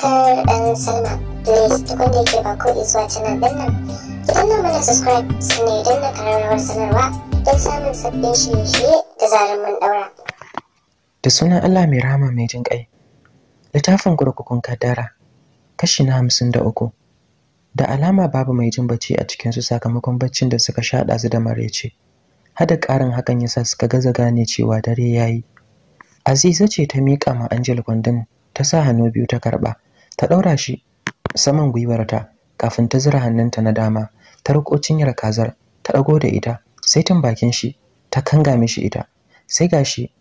subscribe and sign up. Please da yake ba ko subscribe sanarwa don samun sabbin da sunan Allah mai rama mai jin ƙai. Littafin kurkukun kaddara kashi na hamsin da uku. Da alama babu mai jin bacci a cikinsu sakamakon baccin da suka shaɗa su da maraice. Hada ƙarin hakan ya sa suka gaza gane cewa dare ya yi. Aziza ce ta miƙa ma Angel kwandon ta sa hannu biyu ta karɓa ta ɗaura shi saman gwiwarta kafin ta zira hannunta na dama ta riƙo cinyar kazar ta ɗago da ita sai tun bakin shi ta kanga mishi ita sai gashi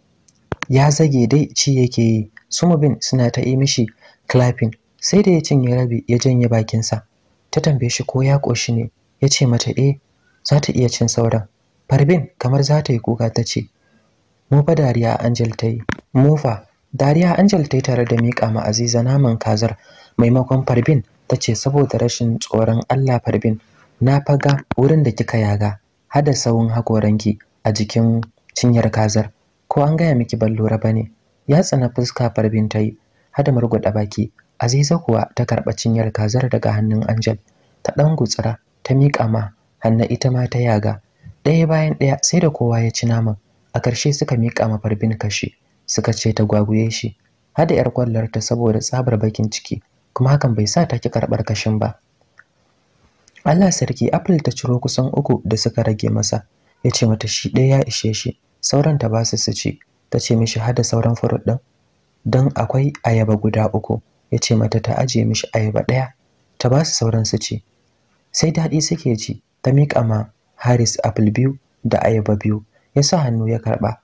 ya zage dai ci yake yi su bin suna ta yi mishi clapping sai da ya cinye rabi ya janye bakinsa ta tambaye shi ko ya ƙoshi ne ya ce mata eh za ta iya cin sauran farbin kamar za ta yi kuka ta ce mu fa dariya angel ta yi mu fa dariya angel ta yi tare da miƙa ma aziza naman kazar maimakon farbin ta ce saboda rashin tsoron allah farbin na faga wurin da kika yaga hada sawun hakoranki a jikin cinyar kazar ko an gaya miki ban lura ba ne ya tsana fuska farbin ta yi hada murguɗa baki aziza kuwa ta karɓa cinyar kazar daga hannun anjal ta ɗan gutsira ta miƙa ma hannu ita ma ta yaga ɗaya bayan ɗaya sai da kowa ya ci naman a ƙarshe suka miƙa ma farbin kashi suka ce ta gwaguye shi hada yar kwallar ta saboda tsabar bakin ciki kuma hakan bai sa ta ki karɓar kashin ba Allah sarki Apple ta ciro kusan uku da suka rage masa yace mata shi ɗaya ya ishe shi sauran ta ba su su ci ta mishi hada sauran furut ɗin dan akwai ayaba guda uku yace mata ta ajiye mishi ayaba ɗaya ta ba su sauran su ci sai daɗi suke ci ta mika ma Haris apple biyu da ayaba biyu ya sa hannu ya karɓa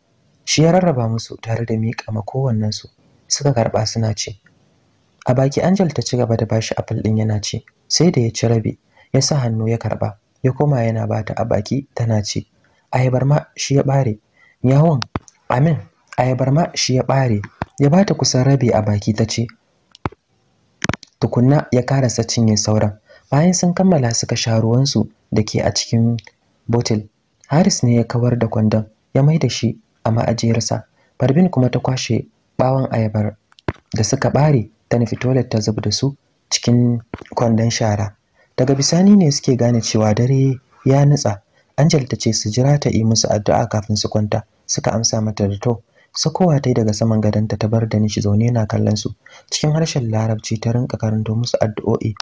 shi ya rarraba musu tare da mika ma kowannensu suka karɓa suna ci a baki Angel ta ci gaba da bashi apple din yana ci sai da ya ci rabi ya sa hannu ya karba ya koma yana bata a baki tana ci ayabar ma shi ya bare yawon amin ayabar ma shi ya bare ya bata kusan rabi a baki ta ce tukunna ya karasa cinye sauran bayan sun kammala suka sha ruwansu da ke a cikin botil haris ne ya kawar da kwandon ya mai da shi a ma'ajiyarsa barbin kuma ta kwashe bawon ayabar da suka bare ta nufi toilet ta zub da su cikin kwandon shara daga bisani ne suke gane cewa dare ya nutsa Angel ta ce su jira ta yi musu addu'a kafin su kwanta suka amsa mata da to sakowa ta yi daga saman gadonta ta bar da nishi zaune na kallon su cikin harshen larabci ta rinka karanto musu addu'o'i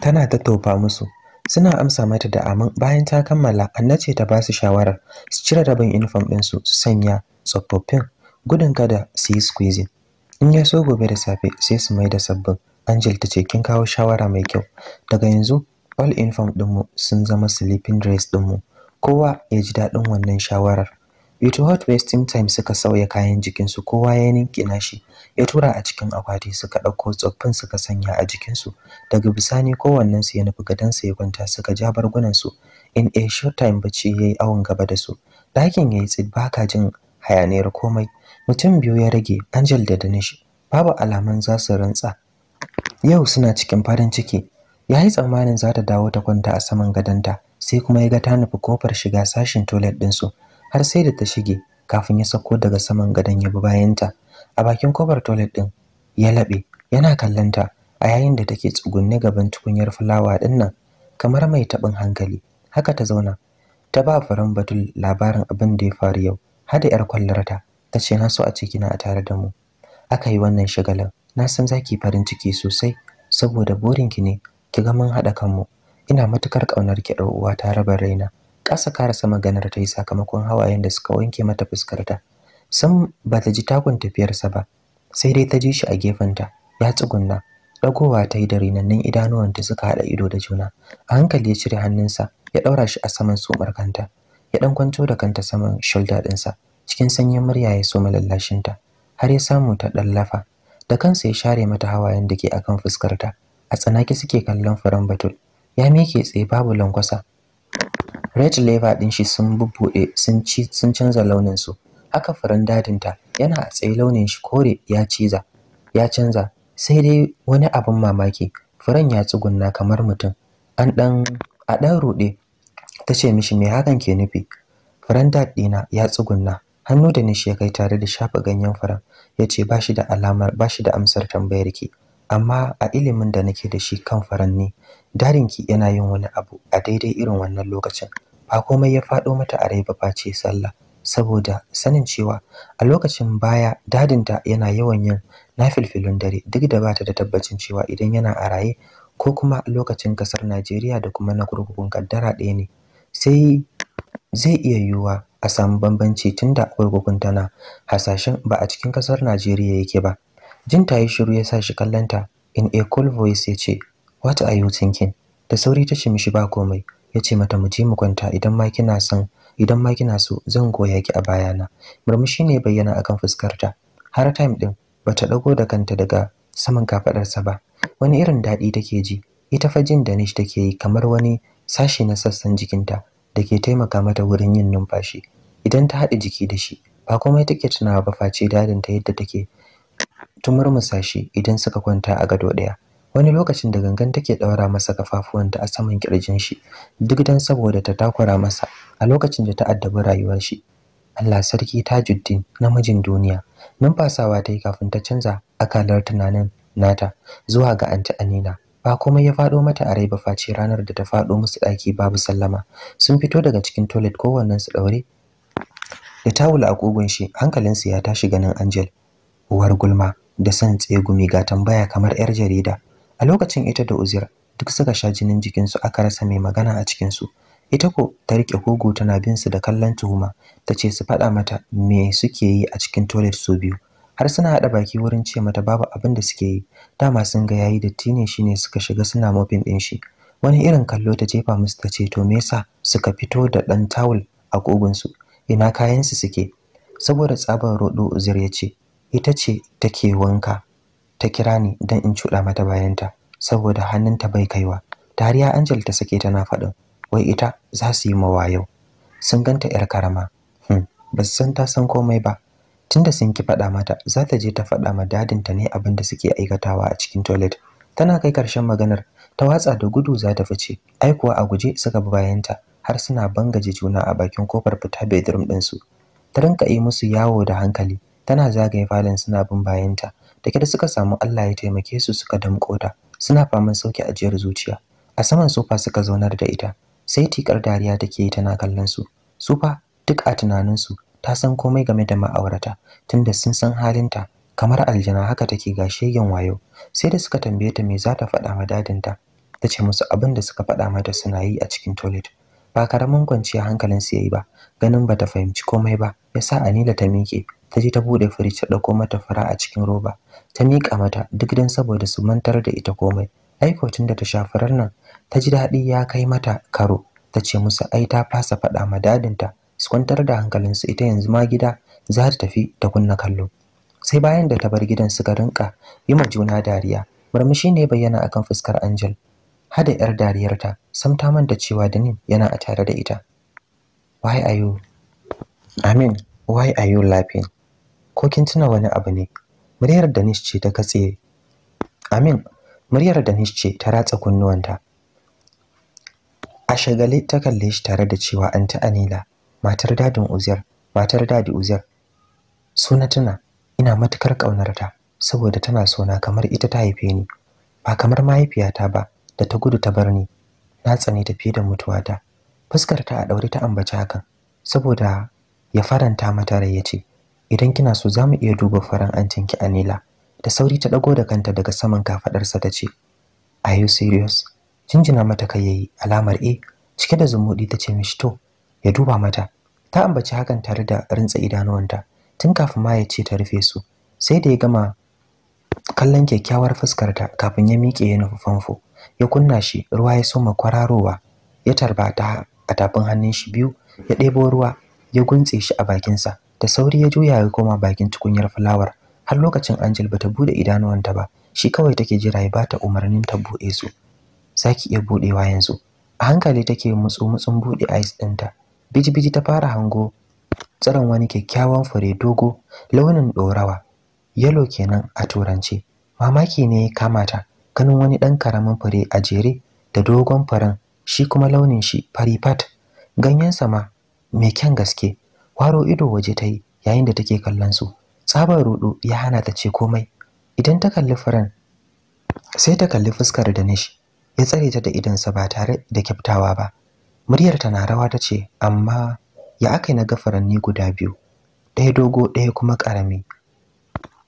tana ta tofa musu suna amsa mata da amin bayan ta kammala annace ta ba su shawarar su cire rabin uniform ɗinsu su sanya tsofaffin gudun kada su yi squeezing in ya so gobe da safe sai su mai da sabbin angel ta ce kin kawo shawara mai kyau daga yanzu all in form dinmu sun zama sleeping dress dinmu. kowa ya ji daɗin wannan shawarar Ito Hot Wasting Time suka sauya kayan jikinsu kowa ya ninkina shi ya tura a cikin akwati suka ɗauko tsoffin suka sanya a jikinsu daga bisani su ya nufi gadansa ya kwanta suka ja bargunan su in a short time bacci ya yi awon gaba da su ɗakin ya yi baka jin hayaniyar komai mutum biyu ya rage Angel da Danish babu alaman za su rantsa yau suna cikin farin ciki ya yi tsammanin za ta dawo ta kwanta a saman gadonta sai kuma ya ga ta nufi kofar shiga sashin toilet ɗinsu har sai da ta shige kafin ya sauko daga saman gadon ya bi bayanta a bakin kofar toilet ɗin ya laɓe yana kallonta a yayin da take tsugunne gaban tukunyar fulawa ɗin nan kamar mai taɓin hankali haka ta zauna ta ba faran batul labarin abin da ya faru yau har da 'yar kwallarta ta ce na so a ce kina a tare da mu aka yi wannan shagalin na san zaki farin ciki sosai saboda burinki ne ki ga mun haɗa kanmu ina matukar ƙaunar ki ɗan uwa ta rabar raina ƙasa karasa maganar ta yi sakamakon hawayen da suka wanke mata fuskarta sam ba ta ji takun tafiyarsa ba sai dai ta ji shi a gefenta ya tsugunna dagowa ta yi da rinannin idanuwanta suka haɗa ido da juna a hankali ya cire hannunsa ya ɗaura shi a saman sumar kanta ya ɗan kwanto da kanta saman shoulder ɗinsa cikin sanyin murya ya so malallashinta har ya samu ta dallafa da kansa ya share mata hawayen da ke akan fuskarta a tsanaki suke kallon furen batul ya mike tsaye babu lankwasa red lever din shi sun bubbude sun canza launin su haka furen dadin ta yana a tsaye launin shi kore ya ciza ya canza sai dai wani abin mamaki furen ya tsugunna kamar mutum an dan a dan rude ta ce mishi me hakan ke nufi furen dad dina ya tsugunna hannu da nishi ya kai tare da shafa ganyen faram, ya ce ba shi da alamar ba shi da amsar tambayar ki amma a ilimin da nake da shi kan faranni, ne darinki yana yin wani abu a daidai irin wannan lokacin ba komai ya faɗo mata a rai ba face sallah saboda sanin cewa a lokacin baya dadinta yana yawan yin na filfilin dare duk da bata da tabbacin cewa idan yana a raye ko kuma lokacin kasar Najeriya da kuma na kurkukun kaddara ɗaya ne sai zai iya yiwuwa a samu bambanci tun da kurkukun tana hasashen ba a cikin kasar Najeriya yake ba jin ta yi shiru ya sa shi kallanta in a cool voice ya ce what are you thinking da sauri ta ce mishi ba komai ya ce mata mu je mu kwanta idan ma kina son idan ma kina so zan goya ki a bayana murmushi ne bayyana akan fuskarta har time din bata dago da kanta daga saman kafaɗarsa ba wani irin ta take ji ita fa jin danish take yi kamar wani sashi na sassan jikinta da ke taimaka mata wurin yin numfashi idan ta haɗa jiki da shi ba komai take tunawa ba face dadin ta yadda take tumurmusa shi idan suka kwanta a gado ɗaya wani lokacin da gangan take ɗaura masa kafafuwanta a saman kirjin shi duk dan saboda ta takura masa a lokacin da ta addabi rayuwar shi Allah sarki Tajuddin namijin duniya numfasawa ta yi kafin ta canza akalar tunanin nata zuwa ga anti Anina ba komai ya faɗo mata a rai ba face ranar da ta faɗo musu ɗaki babu sallama sun fito daga cikin toilet kowannen su ɗaure da tawul a kugun shi hankalinsa ya tashi ganin Angel uwar gulma da son tsegumi ga tambaya kamar yar jarida a lokacin ita da uzir duk suka sha jinin jikin su aka rasa mai magana a cikin su ita ko ta rike kogo tana bin su da kallon tuhuma tace su faɗa mata me suke yi a cikin toilet su biyu har suna haɗa baki wurin ce mata babu abin da suke yi dama sun ga yayi datti ne shine suka shiga suna mofin ɗin shi wani irin kallo ta jefa musu ta ce to me yasa suka fito da ɗan tawul a su ina kayansu suke saboda tsabar rodo uzair ya ce ita ce take wanka ta kira ni don in cuɗa mata bayanta saboda hannunta bai kaiwa Tariya angel ta sake tana faɗin wai ita za su yi mawa yau sun ganta yar karama hmm. ba su san ta san komai ba tunda sun ki faɗa mata za ta je ta faɗa ma dadinta ne abin da suke aikatawa a cikin toilet tana kai ƙarshen maganar ta watsa da gudu za ta fice ai kuwa a guje suka bi bayanta har suna bangaje juna a bakin kofar fita bedroom su Ta rinka yi musu yawo da hankali, tana zagaye falon suna bin bayanta. Da kyar suka samu Allah ya taimake su suka damƙo ta, suna faman sauke ajiyar zuciya. A saman sofa suka zaunar da ita, sai tikar dariya take yi tana kallon su. sufa duk a tunanin su ta san komai game da ma'aurata, tunda sun san halinta kamar aljana haka take ga shegen wayo. Sai da suka tambaye ta me za ta faɗa ma dadinta, ta ce musu abin da suka faɗa mata suna yi a cikin toilet. ba karamin kwanciya hankalin su yayi ba ganin bata fahimci komai ba yasa Anila ta miƙe ta je ta bude firij ta dauko mata fara a cikin roba ta miƙa mata duk dan saboda su mantar da ita komai aiko tun da ta sha nan ta ji daɗi ya kai mata karo ta ce musu ai ta fasa faɗa ma dadinta su kwantar da hankalinsu ita yanzu ma gida za ta tafi ta kunna kallo sai bayan da ta bar gidan suka rinka yi ma juna dariya murmushi ne bayyana akan fuskar Angel hada yar dariyarta sam ta manta cewa da ni yana a tare da ita why are you I mean why are you laughing ko kin tuna wani abu ne muryar Danish ce ta katse I muryar Danish ce ta ratsa kunnuwanta a shagale ta kalle shi tare da cewa anti Anila matar dadin uziyar matar dadi uziyar suna tuna ina matukar kaunar ta saboda tana sona kamar ita ta haife ni ba kamar mahaifiyata ba da ta gudu ta bar ni na tsane ta fiye da mutuwata fuskar ta a daure ta ambaci hakan saboda ya faranta mata rai yace idan kina so za mu iya duba farin faran a Anila da sauri ta ɗago da kanta daga saman kafaɗarsa ta ce are you serious jinjina mata kai yayi alamar eh cike da zumudi ta ce mishi to ya duba mata ta ambaci hakan tare da rintsa idanuwanta tun kafin ma ya ce ta rufe su sai da ya gama kallon kyakkyawar fuskarta kafin ya miƙe ya nufi famfo ya kunna shi ruwa ya soma kwararowa ya tarbata a tafin hannun shi biyu ya ɗebo ruwa ya guntse shi a bakinsa da sauri ya juya ya koma bakin tukunyar fulawar har lokacin Angel bata bude idanuwanta ba shi kawai take jira ya bata umarnin ta buɗe su zaki iya buɗewa yanzu a hankali take mutsu mutsun buɗe eyes ɗinta biji-biji ta fara hango tsaron wani kyakkyawan fure dogo launin ɗorawa yalo kenan a Turanci. mamaki ne ya kamata ganin wani ɗan ƙaramin fure a jere da dogon farin shi kuma launin shi fari fat Ganyen sama mai kyan gaske waro ido waje ta yi yayin da take kallon su tsabar rudu ya hana ta ce komai idan ta kalli farin, sai ta kalli fuskar da nishi. ya tsare ta da idansa ba tare da kyaftawa ba muryar ta na rawa ta ce amma ya aka na ga faranni guda biyu ɗaya dogo ɗaya kuma ƙarami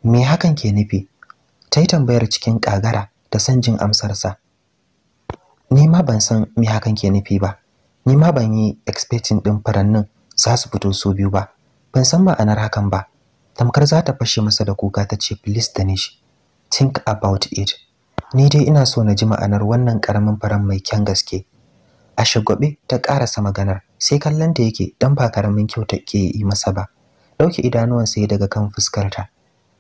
me hakan ke nufi ta yi tambayar cikin ƙagara da san jin amsarsa ni ma ban san me hakan ke nufi ba ni ma ban yi expecting ɗin farannin za su fito so biyu ba ban san ma'anar hakan ba tamkar za ta fashe masa da kuka ta ce please danish think about it ni dai ina so na ji ma'anar wannan karamin faran mai kyan gaske a shagwabe ta karasa maganar sai kallon ta yake dan ba karamin kyauta ke yi masa ba dauke idanuwan sai daga kan fuskarta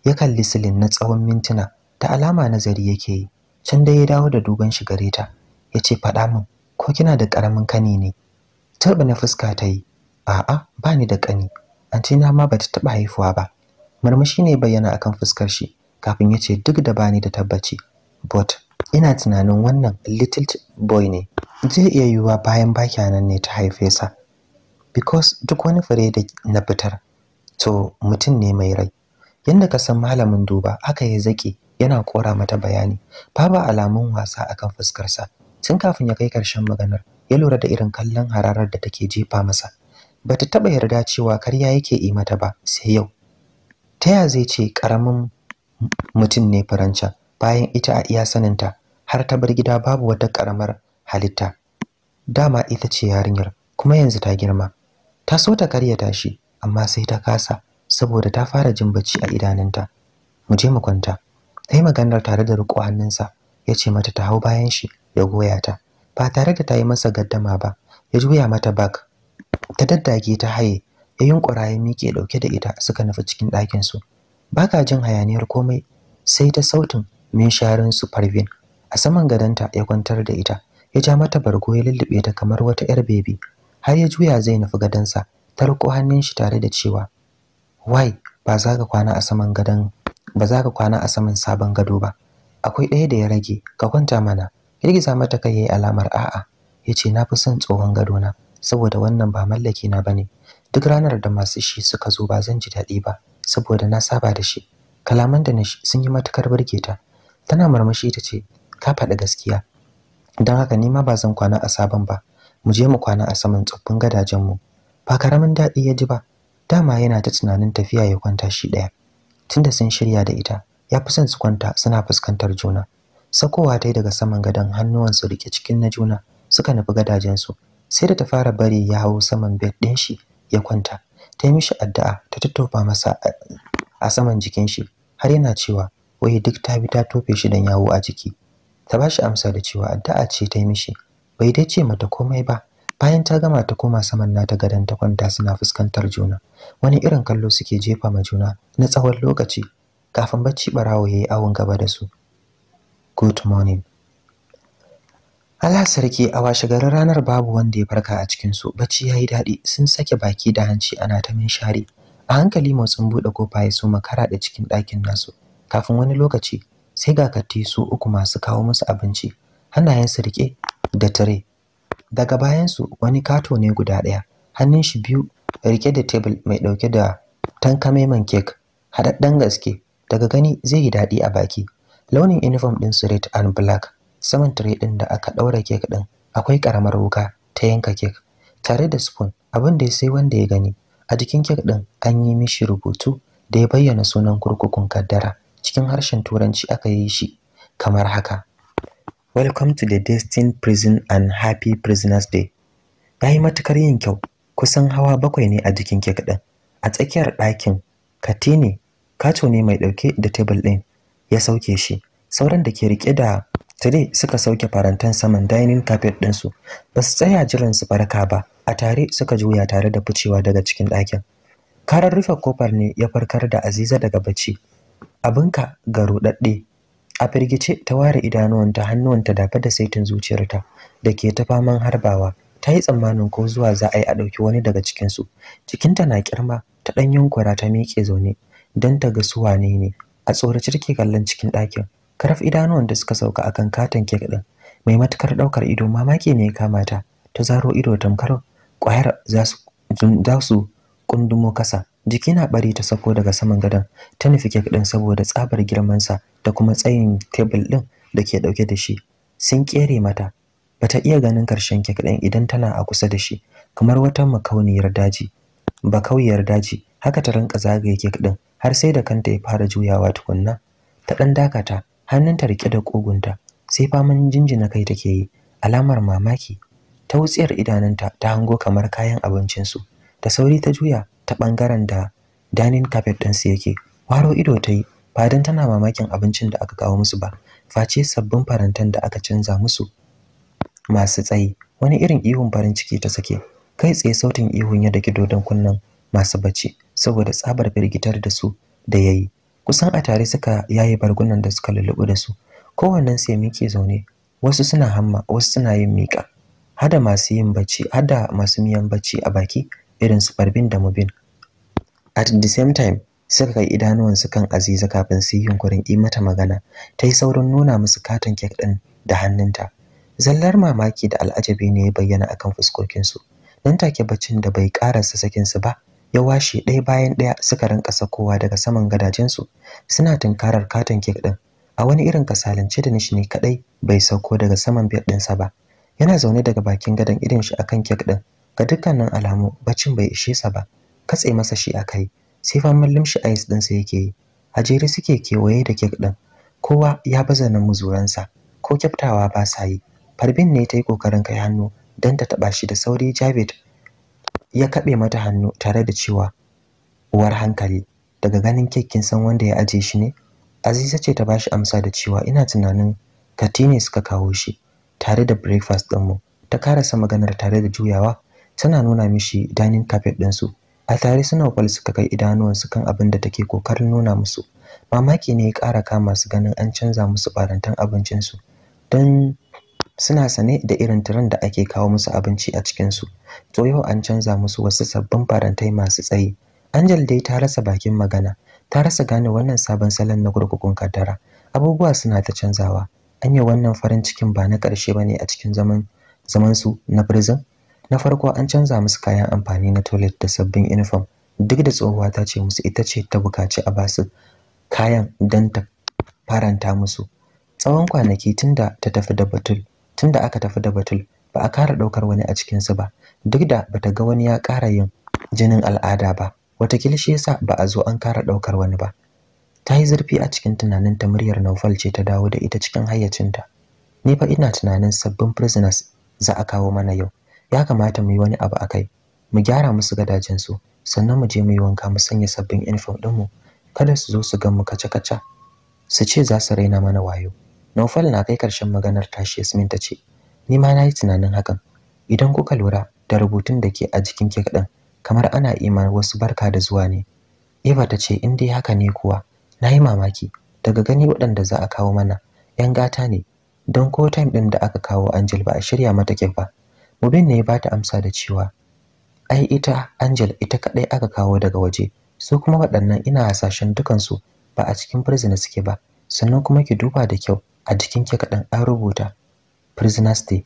ya kalli silin na tsawon mintuna ta alama nazari yake yi can dai ya dawo da dogon shi gare ta ya ce faɗa min ko kina da ƙaramin kani ne turɓa na fuska ta yi a'a ba ni da ƙani anti na ma ta taɓa haifuwa ba murmushi ne bayyana akan fuskar shi kafin ya ce duk da bani da tabbaci but ina tunanin wannan little boy ne zai iya yiwuwa bayan bakya nan ne ta haife sa because duk wani fure da na fitar to mutum ne mai rai yanda ka san malamin duba haka ya zaki yana kora mata bayani babu alamun wasa akan fuskarsa tun kafin ya kai karshen maganar ya lura da irin kallon hararar da take jefa masa bata taba yarda cewa karya yake yi mata ba sai yau ta ya zai ce karamin mutum ne faranca bayan ita a iya saninta har ta bar gida babu wata karamar halitta dama ita ce yarinyar kuma yanzu ta girma ta so ta ta shi amma sai ta kasa saboda ta fara jin bacci a idanunta mu je mu kwanta ta yi maganar tare da riƙo hannunsa ya ce mata ta hau bayan shi ya goya ta ba tare da ta yi masa gaddama ba ya juya mata bak ta daddage ta haye ya yunkura ya miƙe ɗauke da ita suka nufi cikin ɗakinsu ba ka jin hayaniyar komai sai ta sautin minsharin su farvin a saman gadonta ya kwantar da ita ya ja mata bargo ya lullube ta kamar wata 'yar bebi har ya juya zai nufi gadonsa ta riko hannun shi tare da cewa wai ba za ka kwana a saman gadon ba za ka kwana a saman sabon gado ba akwai ɗaya da ya rage ka kwanta mana girgiza mata kai ya yi alamar a'a yace na fi son tsohon gado na saboda wannan ba mallaki na ba ne. duk ranar da masu shi suka zo ba zan ji daɗi ba saboda na saba da shi kalaman da na shi sun yi matukar burge ta tana murmushi ta ce ka faɗi gaskiya don haka ni ma ba zan kwana a sabon ba mu je mu kwana a saman tsoffin gadajenmu ba karamin daɗi ya ji ba dama yana ta tunanin tafiya ya kwanta shi ɗaya tunda sun shirya da ita ya fi son su kwanta suna fuskantar juna sakowa ta daga saman gadon hannuwansu rike cikin na juna suka nufi gadajensu sai da ta fara bari ya hau saman bed ɗin shi ya kwanta ta yi mishi addu'a ta tattofa masa a saman jikin shi har yana cewa wai duk ta bi ta tofe shi dan yawo a jiki ta ba shi amsa da cewa addu'a ce ta yi mishi bai dai ce mata komai ba bayan ta gama ta koma saman nata gadon ta kwanta suna fuskantar juna wani irin kallo suke jefa ma juna na tsawon lokaci kafin bacci barawo ya yi awon gaba da su good morning Allah sarki a garin ranar babu wanda ya farka a cikin su bacci yi daɗi sun sake baki da hanci ana ta share. a hankali motsin buɗe kofa ya suma makara da cikin ɗakin nasu kafin wani lokaci sai ga katti su uku masu kawo musu abinci hannayensu rike da tire daga bayansu wani kato ne guda ɗaya hannun shi biyu rike da tebul mai ɗauke da tankame man kek haɗaɗɗen gaske daga gani zai yi daɗi a baki launin uniform ɗin su red and black saman tire ɗin da aka ɗaura kek ɗin akwai ƙaramar wuka ta yanka kek tare da spoon abin da sai wanda ya gani a jikin kek ɗin an yi mishi rubutu da ya bayyana sunan kurkukun kaddara cikin harshen turanci aka yi shi kamar haka Welcome to the Destined Prison and Happy Prisoners Day. Ya yi matukar yin kyau, kusan hawa bakwai ne a jikin ke kaɗan. A tsakiyar ɗakin, Katini, kato ne mai ɗauke da tebul ɗin, ya sauke shi. Sauran da ke riƙe da tire suka sauke farantan saman dining carpet ɗinsu. Ba su tsaya jiran su barka ba, a tare suka juya tare da ficewa daga cikin ɗakin. Karar rufe kofar ne ya farkar da Aziza daga bacci. Abinka ga ruɗaɗɗe a firgice ta ware idanuwanta hannuwanta dafe da saitin zuciyarta da ke ta faman harbawa ta yi tsammanin ko zuwa za a yi a ɗauki wani daga cikinsu cikinta na kirma ta ɗan yunkura ta miƙe zaune don ta ga su wane ne a tsorace take kallon cikin ɗakin karaf idanuwanta suka sauka a kan katon kek ɗin mai matukar ɗaukar ido mamaki ne ya kama ta ta zaro ido tamkar ƙwayar za su kundumo kasa jiki na bari ta sako daga saman gadon ta nufi kek din saboda tsabar girman sa da kuma tsayin tebul din da ke dauke da shi sun kere mata bata iya ganin karshen kek din idan tana a kusa da shi kamar wata makauniyar daji ba kauyar daji haka ta rinka zagaye kek din har sai da kanta ya fara juyawa tukunna ta dan dakata hannunta rike da kogunta sai faman jinjina kai take yi alamar mamaki ta wutsiyar idanunta ta hango kamar kayan abincinsu da sauri ta juya ta ɓangaren da danin kafet din su yake waro ido ta yi ba don tana mamakin abincin da aka kawo musu ba face sabbin farantan da aka canza musu masu tsayi wani irin ihun farin ciki ta sake kai tsaye sautin ihun ya daki dodon kunnen masu bacci saboda tsabar firgitar da su da yayi kusan a tare suka yaye bargunan da suka lullubu da su kowannen su ya miƙe zaune wasu suna hamma wasu suna yin miƙa hada masu yin bacci hada masu miyan bacci a baki irin su Barbin da Mubin at the same time suka kai idanuwansu kan Aziza kafin su yi yunkurin yi mata magana ta yi saurin nuna musu katon kek ɗin da hannunta zallar mamaki da al'ajabi ne ya bayyana akan fuskokinsu nan take baccin da bai karasa sakinsu ba ya washe ɗaya bayan ɗaya suka rinka sakowa daga saman gadajensu suna tunkarar katon kek ɗin a wani irin kasalance da nishi ne kadai bai sauko daga saman bed ɗinsa ba yana zaune daga bakin gadon irin shi akan kek ɗin ga dukkanin alamu baccin bai ishe sa ba katse masa shi kai. sai faman shi ice din sa yake yi a suke kewaye da kek din kowa ya baza muzuran zuransa, ko kyaftawa ba sa yi farbin ne ta yi kokarin kai hannu dan ta taba shi da sauri jabit ya kaɓe mata hannu tare da cewa uwar hankali daga ganin kin san wanda ya aje shi ne aziza ce ta bashi amsa da cewa ina tunanin katine suka kawo shi tare da breakfast din mu ta karasa maganar tare da juyawa tana nuna mishi dining carpet ɗinsu a tare suna kwal suka kai idanuwansu kan abin da take kokarin nuna musu mamaki ne ya ƙara kama su ganin an canza musu barantan abincinsu don suna sane da irin tiran da ake kawo musu abinci a cikinsu to yau an canza musu wasu sabbin farantai masu tsayi angel dai ta rasa bakin magana ta rasa gane wannan sabon salon na kurkukun kaddara abubuwa suna ta canzawa anya wannan farin cikin ba na ƙarshe ne a cikin zaman zaman su na prison na farko an canza musu kayan amfani na toilet da sabbin uniform duk da tsohuwa ta ce musu ita ce ta bukaci a basu kayan don ta faranta musu tsawon kwanaki tunda ta tafi da batul tunda aka tafi da batul ba a kara ɗaukar wani a cikin su ba duk da bata ga wani ya kara yin jinin al'ada ba wata shi yasa ba a zo an kara ɗaukar wani ba ta yi zurfi a cikin tunanin ta muryar Naufal ce ta dawo da ita cikin hayyacinta ni fa ina tunanin sabbin prisoners za a kawo mana yau ya kamata mu yi wani abu akai mu gyara musu gadajen su sannan mu je mu yi wanka mu sanya sabbin uniform ɗinmu kada su zo su ga mu kaca-kaca su ce za su raina mana wayo Naufal na kai karshen maganar tashi Yasmin ta ni ma nayi tunanin hakan idan kuka lura da rubutun da ke a jikin kek ɗin kamar ana imar wasu barka da zuwa ne Eva ta ce in dai haka ne kuwa nayi mamaki daga gani waɗanda za a kawo mana 'yan gata ne don ko time ɗin da aka kawo Angel ba a shirya mata kek ba Mubin ne ya bata amsa da cewa ai ita Angel ita kadai aka kawo daga waje su kuma waɗannan ina hasashen dukansu ba a cikin prisoner suke ba sannan kuma ki duba da kyau a jikin ke kaɗan an rubuta prisoner stay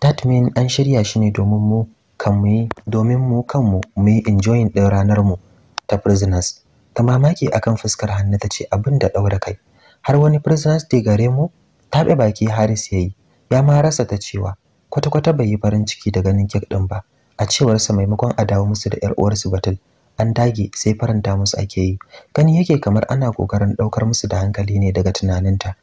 that mean an shirya shi ne domin mu kan mu domin mu kan mu mu enjoy ɗin ranar mu ta prisoners ta mamaki akan fuskar hannu ta ce abin da daura kai har wani prisoners day gare mu taɓe baki Haris yayi ya ma rasa ta cewa kwata-kwata bai yi farin ciki da ganin kek ɗin ba a cewarsa maimakon a dawo musu da 'yar uwarsu batul an dage sai faranta musu ake yi gani yake kamar ana kokarin daukar musu da hankali ne daga tunaninta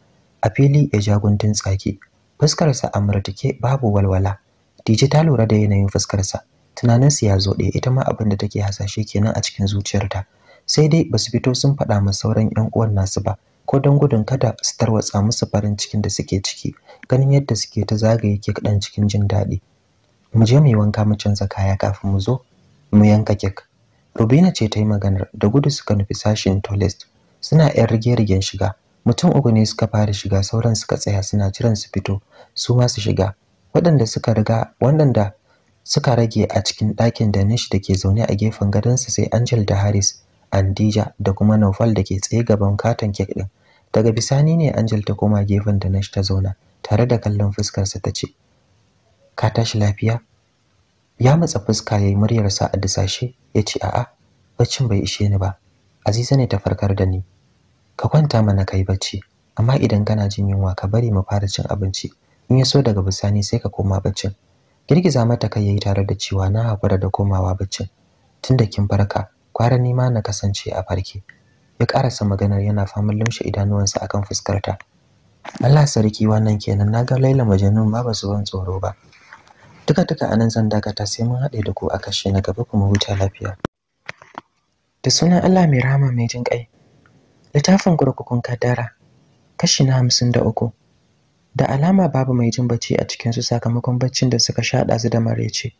a fili ya ja guntun tsaki fuskarsa a murtuke babu walwala dije ta lura da yanayin fuskarsa tunaninsu ya zo ɗaya ita ma abin da take hasashe kenan a cikin zuciyarta sai dai basu fito sun faɗa ma sauran 'yan uwan nasu ba ko don gudun kada su tarwatsa musu farin cikin da suke ciki ganin yadda suke ta zagaye kek ɗan cikin jin daɗi mu je mu yi wanka mu canza kaya kafin mu zo mu yanka kek rubina ce ta yi maganar da gudu suka nufi sashin toilet suna yan rige-rigen shiga mutum uku ne suka fara shiga sauran suka tsaya suna jiran su fito su ma su shiga waɗanda suka riga waɗanda suka rage a cikin ɗakin da nishi da ke zaune a gefen gadonsa sai Angel da Haris Andija da kuma Naufal da ke tsaye gaban katon kek ɗin. Daga bisani ne Angel ta koma gefen da Nash ta zauna tare da kallon fuskarsa ta ce, Ka tashi lafiya? Ya matsa fuska ya yi muryarsa a sashe? ya ce, A'a, baccin bai ishe ni ba. Aziza ne ta farkar da ni. Ka kwanta mana kai bacci, amma idan kana jin yunwa ka bari mu fara cin abinci. In ya so daga bisani sai ka koma baccin. Girgiza mata kai yayi tare da cewa na haƙura da komawa baccin. Tunda kin farka, kwara nima na kasance a farke ya karasa maganar yana faman lumshe idanuwansa akan fuskarta Allah sarki wannan kenan naga Laila Majnun ma su ban tsoro ba duka tuka anan zan dakata sai mun haɗe da ku a kashe na gaba kuma huta lafiya da sunan Allah mai rahama mai jin kai littafin kurkukun kadara kashi na hamsin da uku da alama babu mai jin bacci a cikin su sakamakon baccin da suka shaɗa su da maraice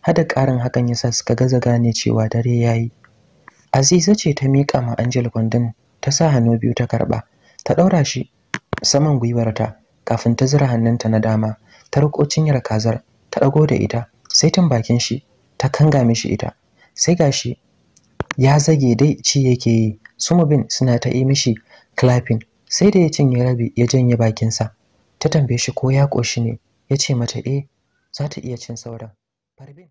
hada ƙarin hakan yasa suka gaza gane cewa dare yayi Aziza ce ta miƙa ma Angel kwandon ta sa hannu biyu ta karɓa. Ta ɗaura shi saman gwiwarta kafin ta zura hannunta na dama. Ta riƙo cinyar kazar, ta ɗago da ita, sai tun bakin shi ta kanga mishi ita. Sai gashi ya zage dai ci yake yi, mubin suna ta yi mishi clapping. Sai da ya cinye rabi ya janye bakinsa. Ta tambaye shi ko ya ƙoshi ne, ya ce mata eh za ta iya cin sauran. Farbin